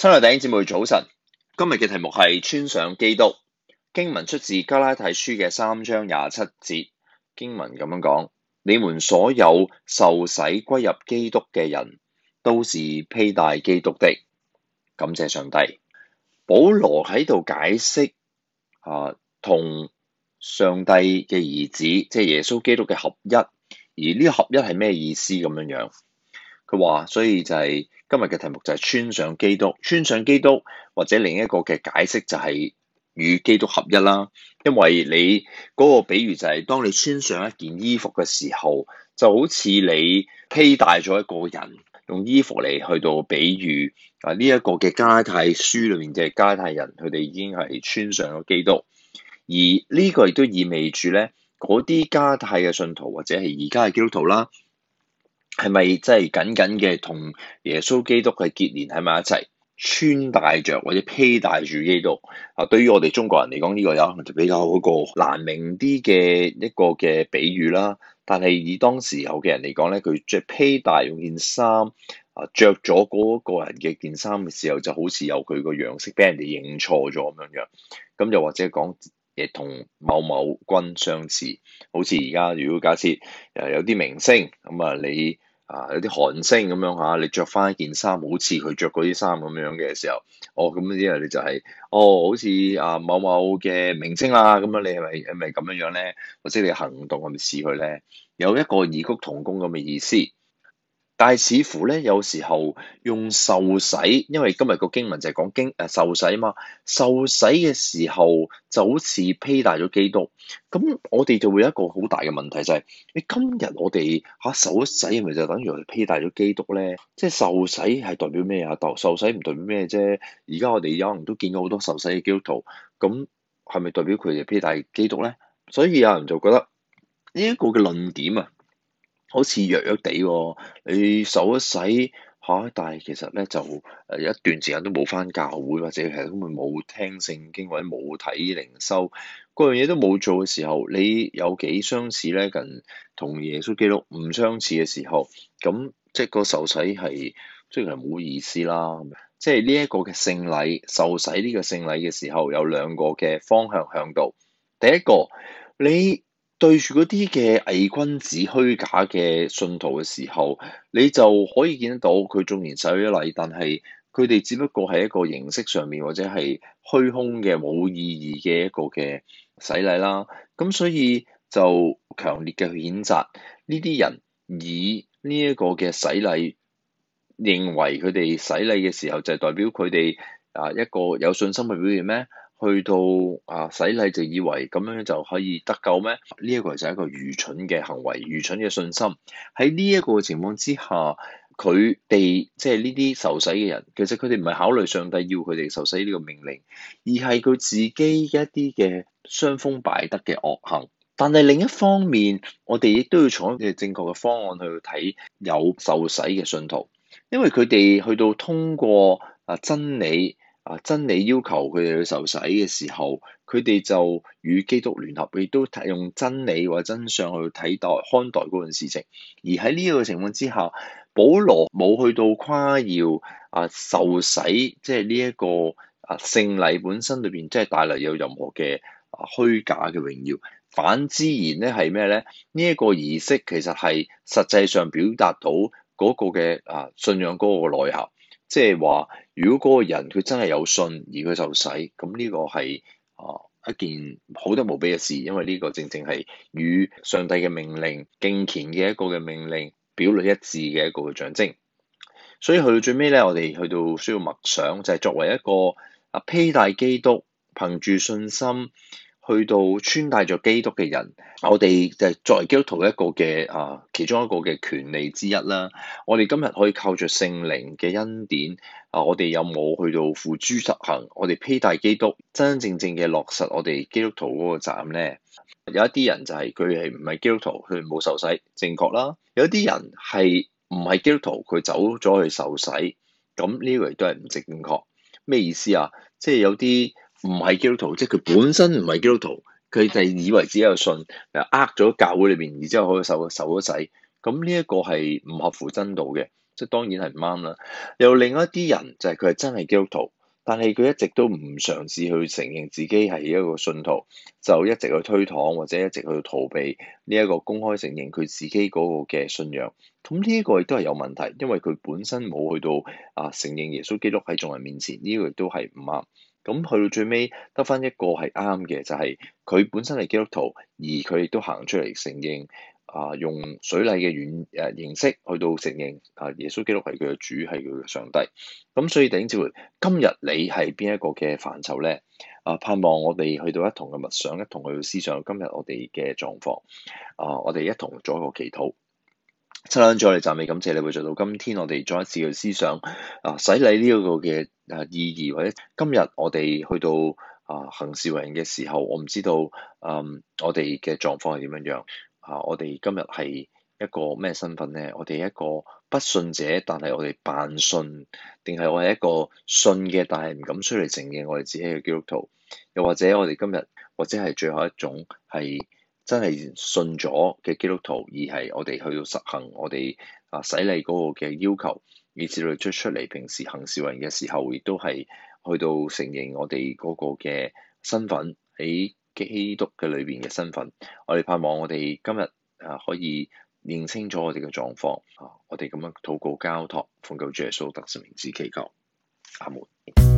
親愛弟兄姊妹早晨，今日嘅題目係穿上基督，經文出自加拉太書嘅三章廿七節經文咁樣講：你們所有受洗歸入基督嘅人，都是披戴基督的。感謝上帝，保羅喺度解釋啊，同上帝嘅兒子，即係耶穌基督嘅合一，而呢個合一係咩意思咁樣樣？佢話，所以就係今日嘅題目就係穿上基督，穿上基督，或者另一個嘅解釋就係與基督合一啦。因為你嗰個比喻就係當你穿上一件衣服嘅時候，就好似你披戴咗一個人，用衣服嚟去到比喻啊呢一個嘅加拉太書裏面嘅加拉太人，佢哋已經係穿上咗基督。而呢個亦都意味住咧，嗰啲加拉太嘅信徒或者係而家嘅基督徒啦。係咪即係緊緊嘅同耶穌基督嘅結連喺埋一齊，穿戴着或者披戴住基督？啊，對於我哋中國人嚟講，呢個有可能就比較嗰個難明啲嘅一個嘅比喻啦。但係以當時候嘅人嚟講咧，佢着披戴用件衫啊，著咗嗰個人嘅件衫嘅時候，就好似有佢個樣式俾人哋認錯咗咁樣樣。咁又或者講誒同某某君相似，好似而家如果假設誒有啲明星咁啊，你。啊！有啲韓星咁樣嚇、啊，你着返一件衫，好似佢着嗰啲衫咁樣嘅時候，哦，咁之後你就係、是，哦，好似啊某某嘅明星啊咁、啊、樣你係咪係咪咁樣樣咧？或者你行動係咪似佢咧？有一個異曲同工咁嘅意思。但係，似乎咧有時候用受洗，因為今日個經文就係講經誒受洗嘛。受洗嘅時候就好似披戴咗基督，咁我哋就會有一個好大嘅問題就係、是：你今日我哋嚇受咗洗，咪就等於披戴咗基督咧？即係受洗係代表咩啊？受洗唔代表咩啫？而家我哋有人都見到好多受洗嘅基督徒，咁係咪代表佢哋披戴基督咧？所以有人就覺得呢一、這個嘅論點啊～好似弱弱地，哦，你受咗洗吓，啊，但係其實咧就有一段時間都冇翻教會或者其實根本冇聽聖經或者冇睇靈修嗰樣嘢都冇做嘅時候，你有幾相似咧？近同耶穌基督唔相似嘅時候，咁即係個受洗係即係冇意思啦。即係呢一個嘅聖禮，受洗呢個聖禮嘅時候有兩個嘅方向向度。第一個你。對住嗰啲嘅偽君子、虛假嘅信徒嘅時候，你就可以見得到佢縱然洗咗禮，但係佢哋只不過係一個形式上面或者係虛空嘅冇意義嘅一個嘅洗禮啦。咁所以就強烈嘅譴責呢啲人以呢一個嘅洗禮，認為佢哋洗禮嘅時候就係代表佢哋啊一個有信心嘅表現咩？去到啊，洗禮就以為咁樣就可以得救咩？呢一個就係一個愚蠢嘅行為，愚蠢嘅信心。喺呢一個情況之下，佢哋即係呢啲受洗嘅人，其實佢哋唔係考慮上帝要佢哋受洗呢個命令，而係佢自己一啲嘅傷風敗德嘅惡行。但係另一方面，我哋亦都要採一個正確嘅方案去睇有受洗嘅信徒，因為佢哋去到通過啊真理。啊！真理要求佢哋去受洗嘅時候，佢哋就與基督聯合，亦都用真理或者真相去睇待、看待嗰件事情。而喺呢個情況之下，保羅冇去到誇耀啊受洗，即係呢一個啊聖禮本身裏邊，即係帶嚟有任何嘅啊虛假嘅榮耀。反之然咧，係咩咧？呢一個儀式其實係實際上表達到嗰個嘅啊信仰嗰個內涵。即係話，如果嗰個人佢真係有信而佢受洗，咁呢個係啊、呃、一件好得無比嘅事，因為呢個正正係與上帝嘅命令敬虔嘅一個嘅命令表裏一致嘅一個嘅象徵。所以去到最尾咧，我哋去到需要默想，就係、是、作為一個啊披戴基督，憑住信心，去到穿戴咗基督嘅人，我哋就作為基督徒一個嘅啊其中一個嘅權利之一啦。我哋今日可以靠着聖靈嘅恩典啊，我哋有冇去到付諸實行？我哋披戴基督真真正正嘅落實我哋基督徒嗰個責任咧。有一啲人就係佢係唔係基督徒，佢冇受洗，正確啦。有啲人係唔係基督徒，佢走咗去受洗，咁呢個都係唔正確咩意思啊？即係有啲。唔係基督徒，即係佢本身唔係基督徒，佢就以為自己有信，嗱，呃咗教會裏邊，然之後可以受受咗洗，咁呢一個係唔合乎真道嘅，即係當然係唔啱啦。又另一啲人就係佢係真係基督徒，但係佢一直都唔嘗試去承認自己係一個信徒，就一直去推搪或者一直去逃避呢一個公開承認佢自己嗰個嘅信仰。咁呢個亦都係有問題，因為佢本身冇去到啊承認耶穌基督喺眾人面前，呢個亦都係唔啱。咁去到最尾得翻一個係啱嘅，就係、是、佢本身係基督徒，而佢亦都行出嚟承認啊、呃，用水禮嘅軟誒形式去到承認啊、呃，耶穌基督係佢嘅主，係佢嘅上帝。咁、呃、所以弟兄姊妹，今日你係邊一個嘅範疇咧？啊、呃，盼望我哋去到一同嘅默想，一同去思想，今日我哋嘅狀況啊、呃，我哋一同做一個祈禱。七兩張，我哋暫時感謝你會做到今天。我哋再一次嘅思想啊，洗禮呢一個嘅啊意義，或者今日我哋去到啊行事為人嘅時候，我唔知道嗯我哋嘅狀況係點樣樣啊？我哋今日係一個咩身份呢？我哋一個不信者，但係我哋扮信，定係我係一個信嘅，但係唔敢出嚟承認嘅。我哋自己嘅基督徒，又或者我哋今日，或者係最後一種係。真係信咗嘅基督徒，而係我哋去到實行我哋啊洗禮嗰個嘅要求，以至到出出嚟平時行事為人嘅時候，亦都係去到承認我哋嗰個嘅身份喺基督嘅裏邊嘅身份。我哋盼望我哋今日啊可以認清楚我哋嘅狀況啊，我哋咁樣禱告交託，奉救主耶穌得勝名字祈求。阿門。